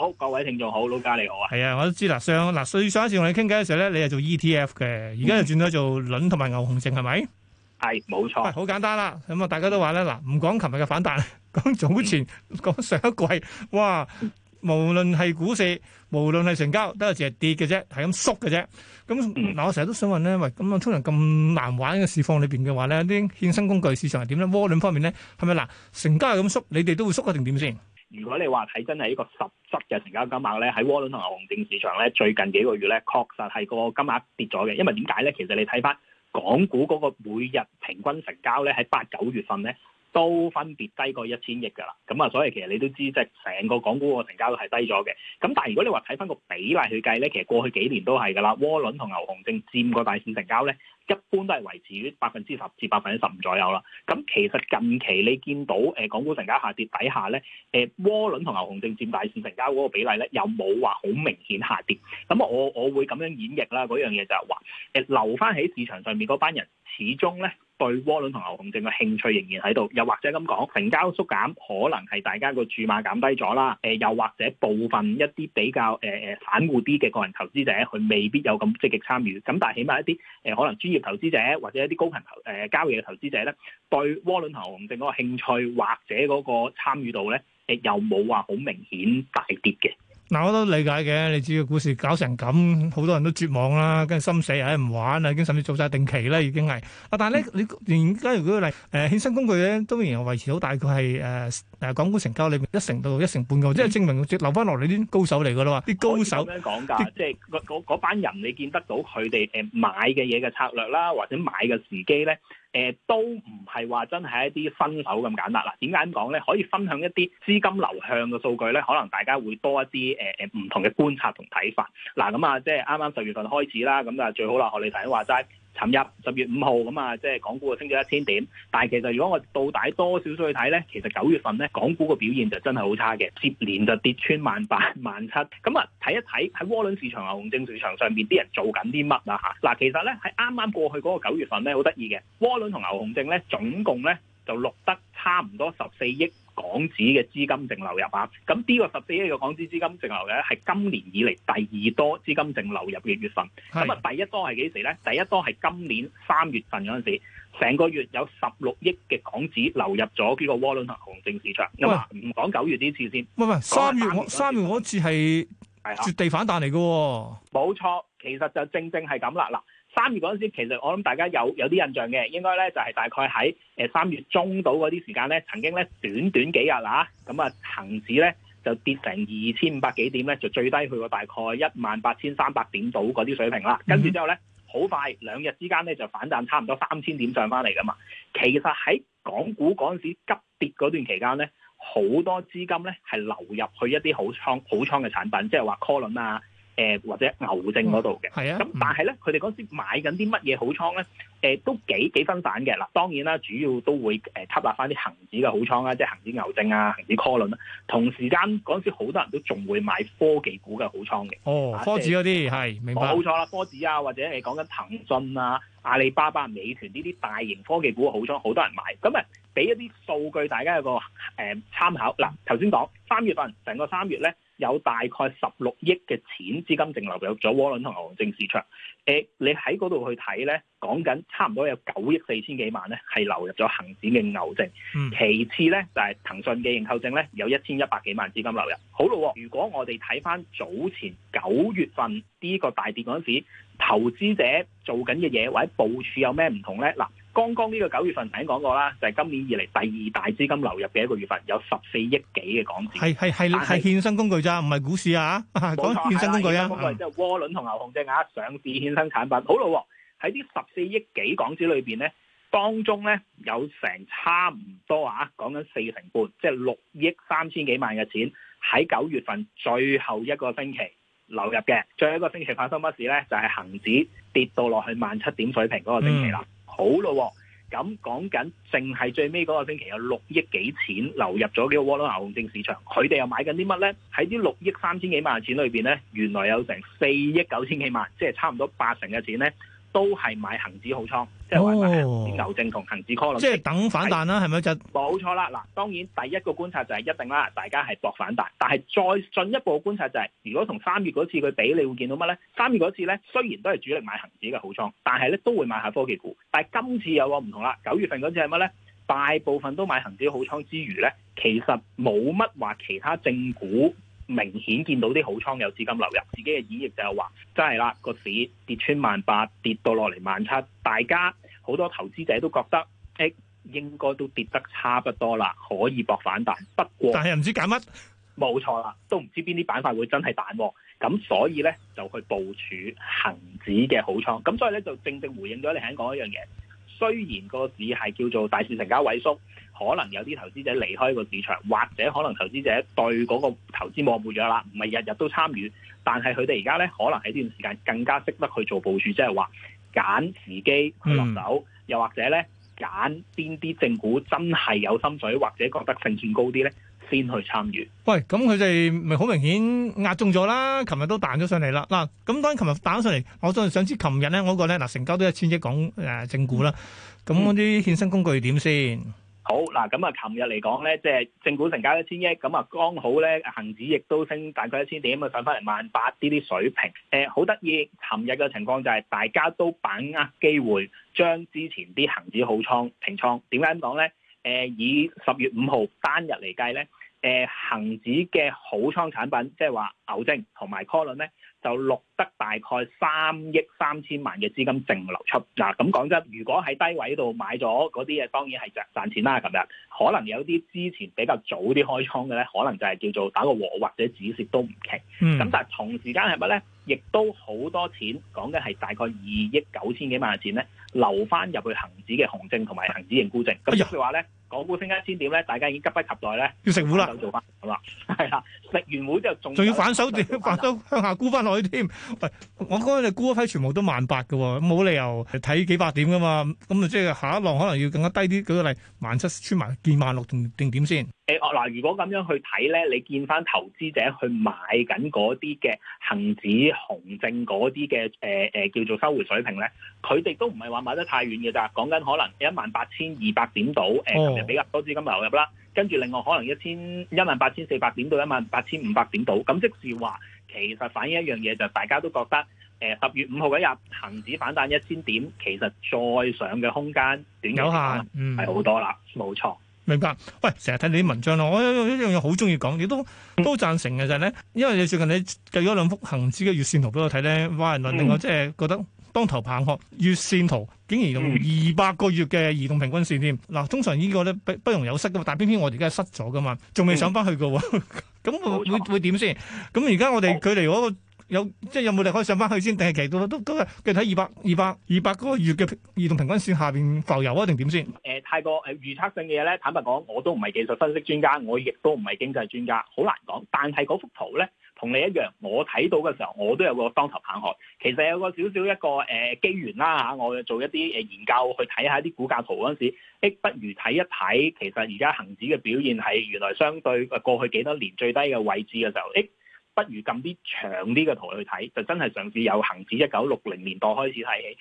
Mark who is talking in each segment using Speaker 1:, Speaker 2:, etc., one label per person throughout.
Speaker 1: 好，各位聽眾
Speaker 2: 好，老嘉你好。啊，係啊，我都知啦。上嗱，上上一次同你傾偈嘅時候咧，你係做 ETF 嘅，而家、嗯、就轉咗做輪同埋牛熊證，係咪？
Speaker 1: 係，冇錯。好、哎、簡單啦，
Speaker 2: 咁啊，大家都話咧，嗱，唔講琴日嘅反彈，講早前，講、嗯、上一季，哇，無論係股市，無論係成交，都係只係跌嘅啫，係咁縮嘅啫。咁嗱，嗯、我成日都想問咧，喂，咁啊，通常咁難玩嘅市況裏邊嘅話咧，啲衍生工具市場係點咧？窩輪方面咧，係咪嗱？成交係咁縮，你哋都會縮啊？定點先？
Speaker 1: 如果你話睇真係呢個實質嘅成交金額咧，喺窩輪同牛熊證市場咧，最近幾個月咧，確實係個金額跌咗嘅，因為點解咧？其實你睇返港股嗰個每日平均成交咧，喺八九月份咧，都分別低過一千億㗎啦，咁啊，所以其實你都知，即係成個港股個成交都係低咗嘅。咁但係如果你話睇翻個比例去計咧，其實過去幾年都係㗎啦。窩輪同牛熊證佔個大市成交咧，一般都係維持於百分之十至百分之十五左右啦。咁其實近期你見到誒、呃、港股成交下跌底下咧，誒窩輪同牛熊證佔大市成交嗰個比例咧，又冇話好明顯下跌。咁我我會咁樣演繹啦，嗰樣嘢就係話誒留翻喺市場上面嗰班人，始終咧。對窩輪同牛熊證嘅興趣仍然喺度，又或者咁講，成交縮減可能係大家個注碼減低咗啦。誒、呃，又或者部分一啲比較誒誒散戶啲嘅個人投資者，佢未必有咁積極參與。咁但係起碼一啲誒、呃、可能專業投資者或者一啲高頻投誒、呃、交易嘅投資者咧，對窩輪同牛熊證嗰個興趣或者嗰個參與度咧，誒、呃、又冇話好明顯大跌嘅。
Speaker 2: 嗱、啊，我都理解嘅。你知個股市搞成咁，好多人都絕望啦，跟住心死，唉、哎，唔玩啦，已經甚至做晒定期啦，已經係。啊，但係咧，你而家如果嚟誒、呃、衍生工具咧，都仍然維持到大概係誒。呃誒港股成交你一成到一成半咁，嗯、即係證明留翻落嚟啲高手嚟㗎啦，啲高手
Speaker 1: 點講㗎？即係嗰班人，你見得到佢哋誒買嘅嘢嘅策略啦，或者買嘅時機咧，誒、呃、都唔係話真係一啲新手咁簡單啦。點解咁講咧？可以分享一啲資金流向嘅數據咧，可能大家會多一啲誒誒唔同嘅觀察同睇法。嗱咁啊，即係啱啱十月份開始啦，咁就最好啦。學你頭先話齋。尋日十月五號咁啊，即係港股啊升咗一千點，但係其實如果我到底多少少去睇咧，其實九月份咧港股嘅表現就真係好差嘅，接連就跌穿萬八萬七，咁啊睇一睇喺窩輪市場牛熊證市場上邊啲人做緊啲乜啊嚇，嗱其實咧喺啱啱過去嗰個九月份咧好得意嘅窩輪同牛熊證咧總共咧就錄得差唔多十四億。港紙嘅資金淨流入啊，咁呢個十四億嘅港紙資金淨流入咧，係今年以嚟第二多資金淨流入嘅月份。咁啊是，第一多係幾時咧？第一多係今年三月份嗰陣時，成個月有十六億嘅港紙流入咗呢個窩輪牛熊證市場。咁啊喂，唔講九月呢喂次先。
Speaker 2: 唔係三月，三月次係絕地反彈嚟嘅。
Speaker 1: 冇錯，啊，其實就正正係咁啦嗱。三月嗰陣時，其實我諗大家有有啲印象嘅，應該咧就係大概喺誒三月中到嗰啲時間咧，曾經咧短短幾日嚇，咁啊，恒指咧就跌成二千五百幾點咧，就最低去過大概一萬八千三百點到嗰啲水平啦。嗯、跟住之後咧，好快兩日之間咧就反彈差唔多三千點上翻嚟噶嘛。其實喺港股嗰陣時急跌嗰段期間咧，好多資金咧係流入去一啲好倉好倉嘅產品，即係話 call 輪啊。誒或者牛證嗰度嘅，係、嗯、啊，咁但係咧，佢哋嗰時買緊啲乜嘢好倉咧？誒都幾幾分散嘅嗱，當然啦，主要都會誒吸納翻啲恒指嘅好倉啦，即係恒指牛證啊、恒指 call 輪啦。同時間嗰陣時好多人都仲會買科技股嘅好倉嘅。
Speaker 2: 哦，科指嗰啲係明白冇錯
Speaker 1: 啦，科指啊，或者係講緊騰訊啊、阿里巴巴、美團呢啲大型科技股嘅好倉，好多人買。咁啊，俾一啲數據大家一、呃呃、個誒參考嗱，頭先講三月份成個三月咧。有大概十六億嘅錢資金淨流入咗窩輪同牛熊證市場。誒、呃，你喺嗰度去睇咧，講緊差唔多有九億四千幾萬咧係流入咗恒指嘅牛證。嗯、其次咧就係騰訊嘅認購證咧有一千一百幾萬資金流入。好咯、哦，如果我哋睇返早前九月份呢個大跌嗰陣時，投資者做緊嘅嘢或者部署有咩唔同咧？嗱。剛剛呢個九月份曾經講過啦，就係、是、今年以嚟第二大資金流入嘅一個月份，有十四億幾嘅港
Speaker 2: 紙。係係係係，衍是生工具咋？唔係股市啊！冇錯，衍生工具啊！即係
Speaker 1: 窩輪同牛熊證啊，上市衍生產品。好啦、啊，喺啲十四億幾港紙裏邊咧，當中咧有成差唔多啊，講緊四成半，即係六億三千幾萬嘅錢喺九月份最後一個星期流入嘅。最後一個星期發生乜事咧？就係、是、恒指跌到落去萬七點水平嗰個星期啦。嗯好咯、啊，咁講緊淨係最尾嗰個星期有六億幾錢流入咗呢個窩輪牛熊證市場，佢哋又買緊啲乜呢？喺啲六億三千幾萬嘅錢裏邊呢，原來有成四億九千幾萬，即係差唔多八成嘅錢呢，都係買恒指好倉。即係話牛證同恆指 call 咯即係等反彈啦，係咪就？冇錯啦，嗱，當然第一個觀察就係一定啦，大家係搏反彈。但係再進一步觀察就係、是，如果同三月嗰次佢比，你會見到乜咧？三月嗰次咧，雖然都係主力買恒指嘅好倉，但係咧都會買下科技股。但係今次有個唔同啦，九月份嗰次係乜咧？大部分都買恒指好倉之餘咧，其實冇乜話其他正股。明顯見到啲好倉有資金流入，自己嘅演繹就係話，真係啦，個市跌穿萬八，跌到落嚟萬七，大家好多投資者都覺得誒、欸、應該都跌得差不多啦，可以博反彈。不過，但係唔知揀乜，冇錯啦，都唔知邊啲板塊會真係彈喎。咁所以咧就去部署恒指嘅好倉，咁所以咧就正正回應咗你頭先講一樣嘢，雖然個市係叫做大市成交萎縮。可能有啲投資者離開個市場，或者可能投資者對嗰個投資冇咁咗啦，唔係日日都參與。但係佢哋而家咧，可能喺呢段時間更加識得去做部署，即係話揀時機去落手，嗯、又或者咧揀邊啲正股真係有心水，或者覺得勝算高啲咧，先去參與。
Speaker 2: 喂，咁佢哋咪好明顯壓中咗啦？琴日都彈咗上嚟啦。嗱，咁當琴日彈上嚟，我真係想知琴日咧嗰個咧嗱成交都一千億港誒正股啦，咁嗰啲衍生工具點先？嗯
Speaker 1: 好嗱，咁啊，琴日嚟講咧，即係正股成交一千億，咁啊，剛好咧，恒指亦都升大概一千點咁啊，上翻嚟萬八啲啲水平。誒、呃，好得意，琴日嘅情況就係大家都把握機會，將之前啲恒指好倉平倉。點解咁講咧？誒、呃，以十月五號單日嚟計咧，誒、呃、恆指嘅好倉產品，即係話牛證同埋 call 輪咧。就錄得大概三億三千萬嘅資金淨流出嗱。咁講真，如果喺低位度買咗嗰啲嘢，當然係賺賺錢啦。咁樣可能有啲之前比較早啲開倉嘅咧，可能就係叫做打個和或者止蝕都唔奇。咁、嗯、但係同時間係咪咧？亦都好多錢，講緊係大概二億九千幾萬嘅錢咧，流翻入去恒指嘅紅證同埋恒指認沽證，咁即係話咧。哎呦港股升翻千點咧，大家已經急不及待咧，要食糊啦。做翻，好嘛？係啦，食完糊之後仲仲要反手跌，反手
Speaker 2: 向下沽翻落去添。我覺得你沽一批全部都萬八嘅，冇理由睇幾百點嘅嘛。咁啊，即係下一浪可能要更加低啲。舉個例，萬七穿埋見萬六同定點先。
Speaker 1: 誒，嗱，看看如果咁樣去睇咧，你見翻投資者去買緊嗰啲嘅恒指紅證嗰啲嘅誒誒叫做收回水平咧，佢哋都唔係話買得太遠嘅咋。講緊可能一萬八千二百點到誒。呃比較多資金流入啦，跟住另外可能一千一萬八千四百點到一萬八千五百點度，咁即是話其實反映一樣嘢，就大家都覺得誒十、呃、月五號嗰日恒指反彈一千點，其實再上嘅空間，短間有限，係、嗯、好多啦，冇錯。
Speaker 2: 明白。喂，成日睇你啲文章咯，我有一樣嘢好中意講，你都都、嗯、贊成嘅就係、是、咧，因為你最近你計咗兩幅恒指嘅月線圖俾我睇咧，話誒，令我即係覺得。當頭棒喝，月線圖竟然用二百個月嘅移動平均線添。嗱、嗯，通常呢個咧不不容有失噶嘛，但偏偏我哋而家失咗噶嘛，仲未上翻去噶喎。咁、嗯、 會錯會會點先？咁而家我哋距離嗰個有、嗯、有即係有冇力可以上翻去先？定係其實都都都係睇二百二百二百個月嘅移動平均線下邊浮游啊？定點先？
Speaker 1: 誒、呃，太過誒預測性嘅嘢咧，坦白講，我都唔係技術分析專家，我亦都唔係經濟專家，好難講。但係嗰幅圖咧。同你一樣，我睇到嘅時候，我都有個當頭棒喝。其實有個少少一個誒、呃、機緣啦嚇，我做一啲誒研究去睇下啲股價圖嗰陣時，不如睇一睇其實而家恒指嘅表現係原來相對過去幾多年最低嘅位置嘅時候，誒不如撳啲長啲嘅圖去睇，就真係上次有恒指一九六零年代開始睇起。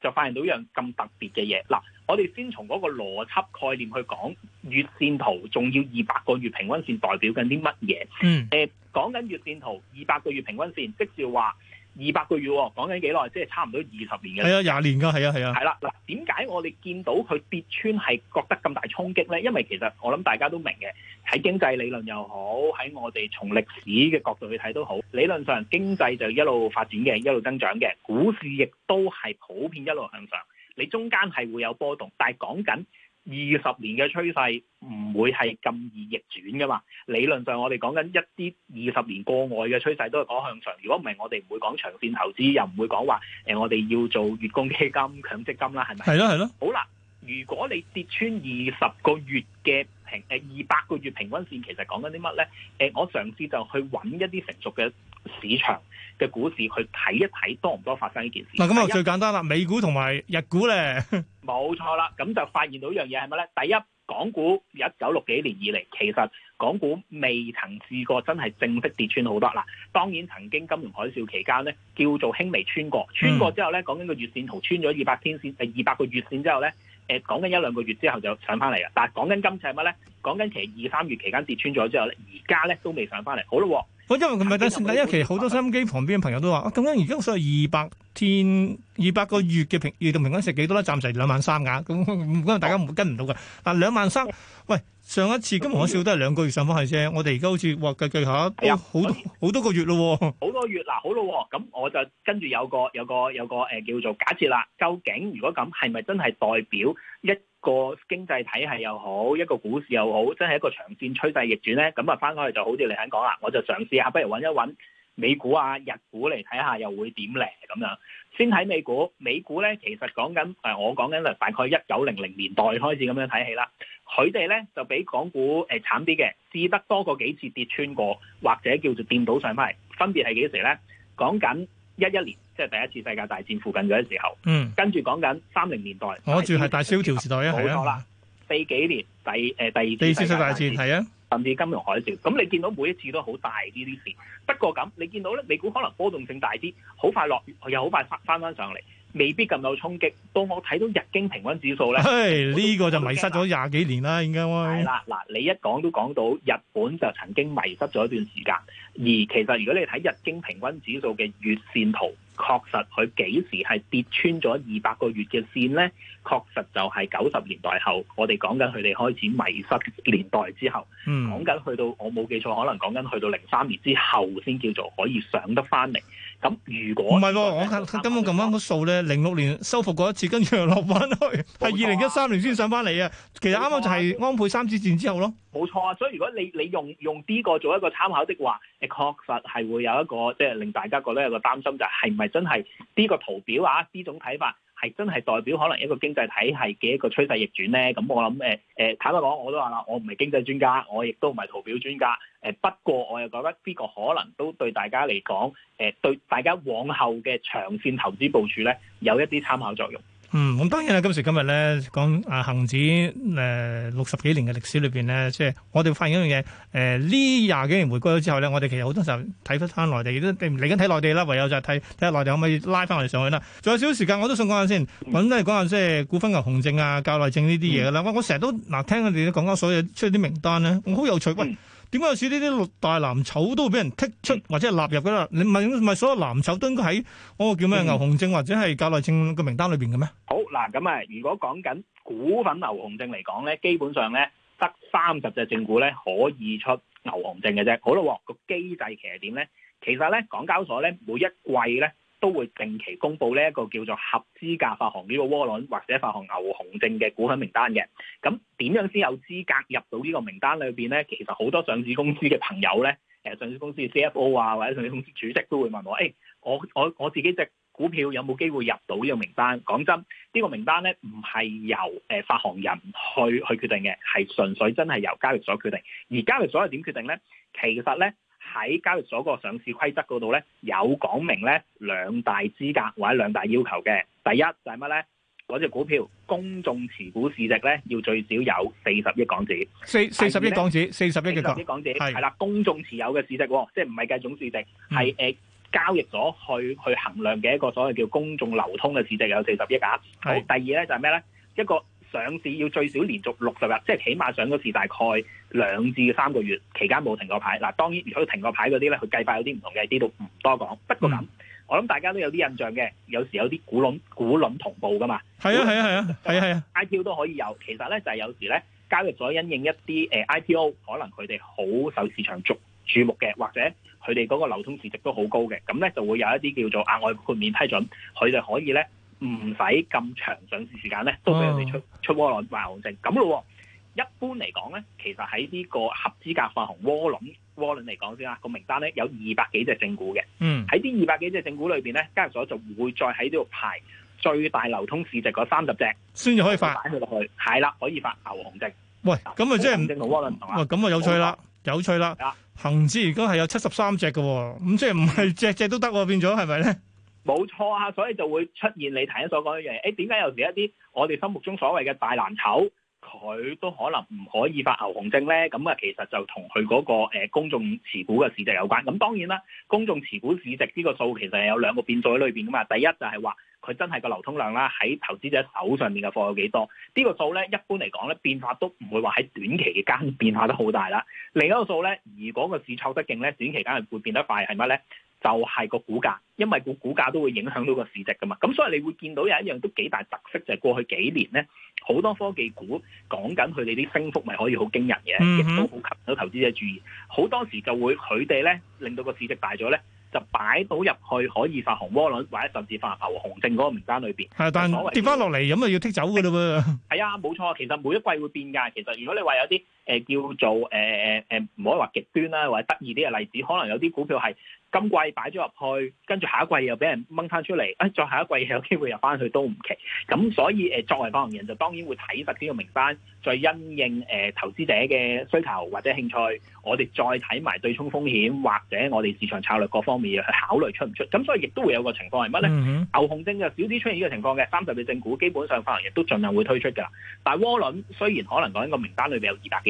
Speaker 1: 就發現到一樣咁特別嘅嘢嗱，我哋先從嗰個邏輯概念去講月線圖，仲要二百個月平均線代表緊啲乜嘢？嗯，誒講緊月線圖二百個月平均線，即係話。 二百個月喎，講緊幾耐？即係差唔多二十年嘅。係
Speaker 2: 啊，廿年㗎，係啊，係啊。係啦，
Speaker 1: 嗱，點解我哋見到佢跌穿係覺得咁大衝擊呢？因為其實我諗大家都明嘅，喺經濟理論又好，喺我哋從歷史嘅角度去睇都好，理論上經濟就一路發展嘅，一路增長嘅，股市亦都係普遍一路向上。你中間係會有波動，但係講緊。二十年嘅趨勢唔會係咁易逆轉㗎嘛？理論上，我哋講緊一啲二十年過外嘅趨勢都係講向上。如果唔係，我哋唔會講長線投資，又唔會講話誒，我哋要做月供基金、強積金啦，係咪？係咯，係咯。好啦，如果你跌穿二十個月嘅平誒二百個月平均線，其實講緊啲乜咧？誒、呃，我嘗試就去揾一啲成熟嘅市場嘅股市去睇一睇，多唔多發生呢件事？
Speaker 2: 嗱，咁啊最簡單啦，一美股同埋日股咧。
Speaker 1: 冇錯啦，咁就發現到一樣嘢係乜咧？第一，港股一九六幾年以嚟，其實港股未曾試過真係正式跌穿好多啦。當然曾經金融海嘯期間咧，叫做輕微穿過，穿過之後咧，講緊個月線圖穿咗二百天線，誒二百個月線之後咧，誒講緊一兩個月之後就上翻嚟啦。但係講緊今次係乜咧？講緊其實二三月期間跌穿咗之後咧，而家咧都未上翻嚟，好咯、啊。因為佢
Speaker 2: 唔係先，第一期好多收音機旁邊朋友都話：，咁、嗯啊、樣而家所以二百天、二百個月嘅平月度平均食幾多咧？暫時兩萬三㗎、啊，咁大家唔會跟唔到嘅。嗱、啊，兩萬三、嗯，喂，上一次咁可、嗯、笑都係兩個月上翻去啫。我哋而家好似哇，計計下好、啊、多好多個月咯、哦，
Speaker 1: 好多月、哦、嗱，好咯，咁我就跟住有個有個有個誒、呃、叫做假設啦。究竟如果咁係咪真係代表一個經濟體系又好，一個股市又好，真係一個長線趨勢逆轉呢，咁啊翻翻去就好似你肯講啦，我就嘗試下，不如揾一揾美股啊、日股嚟睇下，又會點咧咁樣。先睇美股，美股呢其實講緊誒，我講緊大概一九零零年代開始咁樣睇起啦，佢哋呢就比港股誒慘啲嘅，試得多過幾次跌穿過，或者叫做掂到上翻嚟，分別係幾時呢？講緊。一一年即係第一次世界大戰附近嗰啲時候，嗯，跟住講緊三零年代，
Speaker 2: 我住係大蕭條時代啊，冇錯啦，
Speaker 1: 四幾年第誒、呃、第二次世界大戰係啊，甚至金融海嘯，咁、嗯、你見到每一次都好大呢啲事，不過咁你見到咧，你估可能波動性大啲，好快落，又好快翻翻上嚟。未必咁有衝擊。當我睇到日經平均指數咧，係
Speaker 2: 呢 Hey, 個就迷失咗廿幾年啦，應
Speaker 1: 該。係啦，嗱，你一講都講到日本就曾經迷失咗一段時間。而其實如果你睇日經平均指數嘅月線圖，確實佢幾時係跌穿咗二百個月嘅線咧？確實就係九十年代後，我哋講緊佢哋開始迷失年代之後，講緊、嗯、去到我冇記錯，可能講緊去到零三年之後先叫做可以上得翻嚟。咁如果
Speaker 2: 唔係喎，我根本咁啱個數咧，零六年收復過一次，跟住又落翻去，係二零一三年先上翻嚟啊！其實啱啱就係安倍
Speaker 1: 三支箭之後咯，冇錯啊！所以如果你你用用呢個做一個參考的話，誒、欸、確實係會有一個即係、就是、令大家覺得有一個擔心就係係咪真係呢個圖表啊？呢種睇法。係真係代表可能一個經濟體系嘅一個趨勢逆轉呢？咁我諗誒誒，坦白講我都話啦，我唔係經濟專家，我亦都唔係圖表專家，誒不過我又覺得呢個可能都對大家嚟講，誒對大家往後嘅長線投資部署呢，有一啲參考作用。
Speaker 2: 嗯，咁當然啦，今時今日咧，講恒指誒六十幾年嘅歷史裏邊咧，即係我哋發現一樣嘢，誒呢廿幾年回歸咗之後咧，我哋其實好多時候睇翻內地亦都嚟緊睇內地啦，唯有就係睇睇下內地可唔可以拉翻我哋上去啦。仲有少少時間，我都想講下先，咁都係講下即係股證牛熊證啊、界內證呢啲嘢啦。我我成日都嗱、啊、聽佢哋啲講緊所有出啲名單咧，我好有趣。喂、呃！點解有時呢啲六大藍籌都會俾人剔出或者納入噶啦？嗯、你唔係唔係所有藍籌都應該喺嗰個叫咩牛熊證或者係界內證嘅名單裏邊嘅咩？
Speaker 1: 好嗱，咁啊，如果講緊股份牛熊證嚟講咧，基本上咧得三十隻正股咧可以出牛熊證嘅啫。好啦，個機制其實點咧？其實咧，港交所咧每一季咧，都會定期公布呢一個叫做合資格發行呢個窩輪或者發行牛熊證嘅股份名單嘅。咁點樣先有資格入到呢個名單裏邊咧？其實好多上市公司嘅朋友咧，誒、呃、上市公司嘅 CFO 啊或者上市公司主席都會問我：，誒、哎、我我我自己隻股票有冇機會入到呢個名單？講真，呢、這個名單咧唔係由誒發行人去去決定嘅，係純粹真係由交易所決定。而交易所係點決定咧？其實咧。喺交易所個上市規則嗰度咧，有講明咧兩大資格或者兩大要求嘅。第一就係乜咧？嗰隻股票公眾持股市值咧要最少有四十億港紙，四四十二億港紙，四十億嘅港紙，係啦，公眾持有嘅市值喎，即係唔係計總市值，係誒、嗯、交易所去去衡量嘅一個所謂叫公眾流通嘅市值有四十億啊。好的第二咧就係咩咧？一個上市要最少連續六十日，即係起碼上咗市大概。兩至三個月期間冇停過牌，嗱當然如果停過牌嗰啲咧，佢計法有啲唔同嘅，呢度唔多講。不過咁，我諗大家都有啲印象嘅，有時有啲股輪股輪同步噶嘛。係啊係
Speaker 2: 啊係啊係啊係
Speaker 1: 啊，IPO 都可以有。其實咧就係、是、有時咧，交易所因應一啲誒、呃、IPO，可能佢哋好受市場注注目嘅，或者佢哋嗰個流通市值都好高嘅，咁咧就會有一啲叫做額外豁免批准，佢哋可以咧唔使咁長上市時間咧，都俾人哋出、嗯、出窩輪牛熊證咁咯。一般嚟講咧，其實喺呢個合資格發行窩輪窩輪嚟講先啦，個名單咧有二百幾隻正股嘅。嗯，喺啲二百幾隻正股裏邊咧，交易所就會再喺呢度排最大流通市值嗰三十隻，先至可以發。擺佢落去，係啦、嗯，可以發牛熊證。喂，咁啊，即係唔正同窩輪
Speaker 2: 同啊。咁啊，有趣啦，有趣啦。恒指而家係有七十三隻嘅，咁即係唔係隻隻都得，變咗係咪咧？
Speaker 1: 冇錯啊，所以就會出現你頭先所講一樣嘢。誒、欸，點解有時一啲我哋心目中所謂嘅大藍籌？佢都可能唔可以發牛熊證呢。咁啊，其實就同佢嗰個、呃、公眾持股嘅市值有關。咁當然啦，公眾持股市值呢個數其實係有兩個變數喺裏邊噶嘛。第一就係話佢真係個流通量啦，喺投資者手上面嘅貨有幾多？呢、呢個數呢，一般嚟講呢，變化都唔會話喺短期嘅間變化得好大啦。另一個數呢，如果個市挫得勁呢，短期間係會變得快係乜呢？就係個股價，因為個股價都會影響到個市值噶嘛，咁所以你會見到有一樣都幾大特色，就係、是、過去幾年咧，好多科技股講緊佢哋啲升幅咪可以好驚人嘅，亦、嗯、哼都好吸引到投資者注意。好多時就會佢哋咧令到個市值大咗咧，就擺到入去可以發紅窩輪，或者甚至發牛熊證嗰個名單裏邊。係，
Speaker 2: 但係跌翻落嚟咁啊，要剔走㗎啦喎。
Speaker 1: 係啊，冇錯，其實每一季會變㗎。其實如果你話有啲。誒叫做誒誒誒，唔可以話極端啦，或者得意啲嘅例子，可能有啲股票係今季擺咗入去，跟住下一季又俾人掹翻出嚟，誒再下一季有機會入翻去都唔奇。咁所以誒，作為發行人就當然會睇實啲個名單，再因應誒投資者嘅需求或者興趣，我哋再睇埋對沖風險或者我哋市場策略各方面去考慮出唔出。咁所以亦都會有個情況係乜咧？牛熊證就少啲出現呢個情況嘅，三十隻正股基本上發行人亦都盡量會推出㗎喇。但係窩輪雖然可能講呢個名單裏邊有二百幾。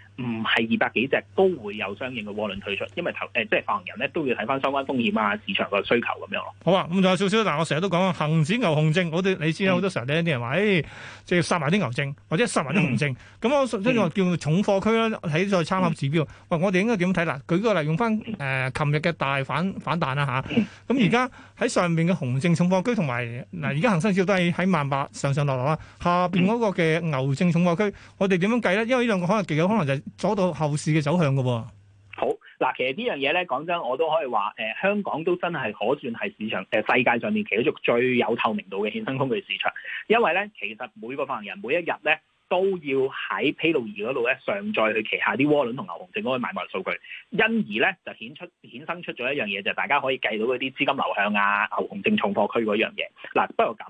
Speaker 1: 唔係二百幾隻都會有相應嘅窩輪退出，因為投誒、呃、即係發行人咧都要睇翻相關風險啊、市場個需求咁樣咯。
Speaker 2: 好啊，咁仲有少少，但我成日都講啊，恆指牛熊證，我哋你知啦，好多時候咧啲、嗯、人話，誒即係殺埋啲牛證，或者殺埋啲熊證，咁、嗯、我即係話叫做重貨區啦，喺再參考指標。喂、嗯，我哋應該點睇嗱？舉個例，用翻誒琴日嘅大反反彈啦吓，咁而家喺上面嘅熊證重貨區同埋嗱，而家恒生指數都係喺萬八上上落落啦。下邊嗰個嘅牛證重貨區，我哋點樣計呢？因為呢兩個可能其實有可能就係阻到後市嘅走向嘅，
Speaker 1: 好嗱，其實呢樣嘢咧，講真，我都可以話，誒、呃，香港都真係可算係市場，誒、呃，世界上面其中最有透明度嘅衍生工具市場，因為咧，其實每個發行人每一日咧，都要喺披露易嗰度咧，上載佢旗下啲窩輪同牛熊證嗰個買賣數據，因而咧就衍出衍生出咗一樣嘢，就是、大家可以計到嗰啲資金流向啊，牛熊證重貨區嗰樣嘢，嗱、啊，不過咁。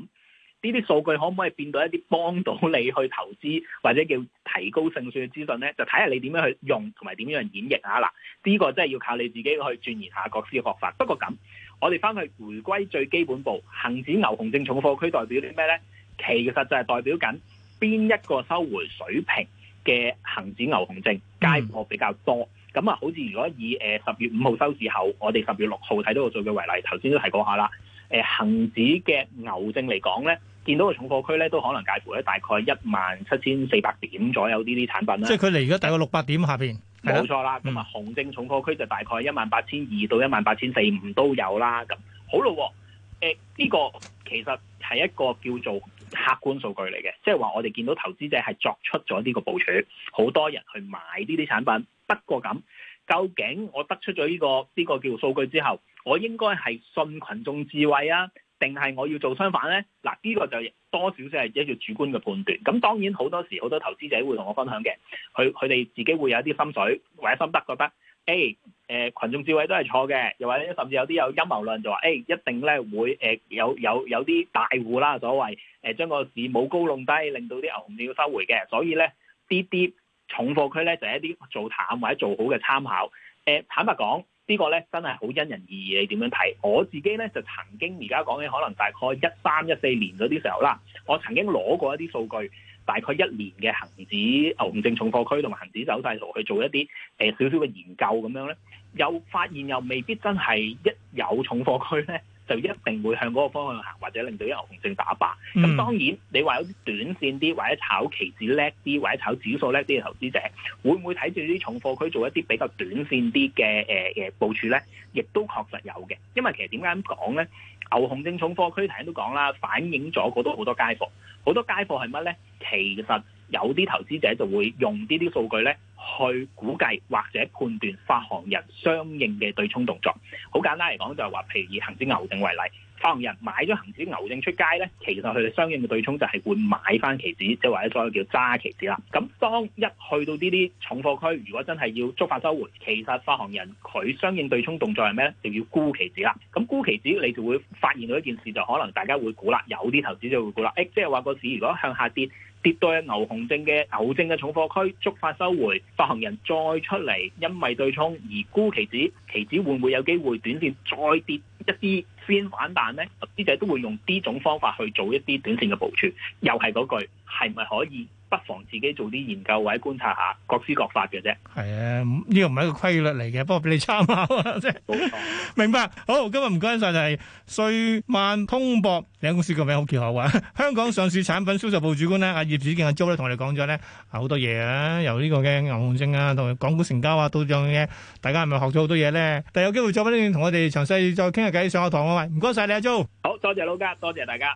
Speaker 1: 呢啲數據可唔可以變到一啲幫到你去投資或者叫提高勝算嘅資訊呢？就睇下你點樣去用同埋點樣演繹下。嗱，呢個真係要靠你自己去轉移下各師各法。不過咁，我哋翻去回歸最基本步：恆指牛熊證重貨區代表啲咩呢？其實就係代表緊邊一個收回水平嘅恆指牛熊證街貨比較多。咁啊、嗯，好似如果以誒十月五號收市後，我哋十月六號睇到個數據為例，頭先都提過下啦。誒恆指嘅牛證嚟講呢。見到個重貨區咧，都可能介乎咧大概一萬七千四百點左右呢啲產品咧。即係佢
Speaker 2: 離咗大概六百點下邊，冇錯
Speaker 1: 啦。咁啊，紅證重貨區就大概一萬八千二到一萬八千四五都有啦。咁好啦，誒呢、啊欸這個其實係一個叫做客觀數據嚟嘅，即係話我哋見到投資者係作出咗呢個部署，好多人去買呢啲產品。不過咁，究竟我得出咗呢、這個呢、這個叫數據之後，我應該係信群眾智慧啊？定係我要做相反咧，嗱、這、呢個就多少少係一啲主觀嘅判斷。咁當然好多時好多投資者會同我分享嘅，佢佢哋自己會有啲心水，或者心得覺得，誒、哎、誒，羣、呃、眾智慧都係錯嘅，又或者甚至有啲有陰謀論就話，誒、哎、一定咧會誒、呃、有有有啲大戶啦，所謂誒將個市冇高弄低，令到啲牛熊證收回嘅。所以咧啲啲重貨區咧就是、一啲做淡或者做好嘅參考。誒、呃、坦白講。個呢個咧真係好因人而異，你點樣睇？我自己咧就曾經而家講起，講可能大概一三一四年嗰啲時候啦，我曾經攞過一啲數據，大概一年嘅恆指牛熊證重貨區同埋恆指走勢圖去做一啲誒少少嘅研究咁樣咧，又發現又未必真係一有重貨區咧。就一定會向嗰個方向行，或者令到一牛熊證打靶。咁、嗯、當然，你話有啲短線啲，或者炒期指叻啲，或者炒指數叻啲嘅投資者，會唔會睇住啲重貨區做一啲比較短線啲嘅誒誒部署咧？亦都確實有嘅，因為其實點解咁講咧？牛熊證重貨區頭先都講啦，反映咗好多好多街貨，好多街貨係乜咧？其實。有啲投資者就會用呢啲數據咧，去估計或者判斷發行人相應嘅對沖動作。好簡單嚟講，就係話，譬如以恆指牛證為例，發行人買咗恆指牛證出街咧，其實佢哋相應嘅對沖就係會買翻期指，即係或者所謂叫揸期指啦。咁當一去到呢啲重貨區，如果真係要觸發收回，其實發行人佢相應對沖動作係咩咧？就要沽期指啦。咁沽期指你就會發現到一件事，就可能大家會沽啦，有啲投資者就會沽啦。誒、哎，即係話個市如果向下跌。跌到嘅牛熊證嘅牛證嘅重貨區，觸發收回，發行人再出嚟，因為對沖而沽期指，期指會唔會有機會短線再跌一啲先反彈咧？投資者都會用呢種方法去做一啲短線嘅部署，又係嗰句，係咪可以？不妨自己做啲研究或
Speaker 2: 者觀察下，各施各法嘅啫。係啊，呢、這個唔係一個規律嚟嘅，不過俾你參考啫。冇錯，明白。好，今日唔該晒就係瑞萬通博你兩公司個名好叫合啊！香港上市產品銷售部主管咧，阿、啊、葉子健阿、啊、周咧，同我哋講咗咧好多嘢啊。由呢個嘅牛熊證啊，同港股成交啊，到樣嘅，大家係咪學咗好多嘢咧？第日有機會再翻嚟同我哋詳細再傾下偈，上下堂啊！唔該晒你阿、啊、周，
Speaker 1: 好多謝，謝老家，多謝大家。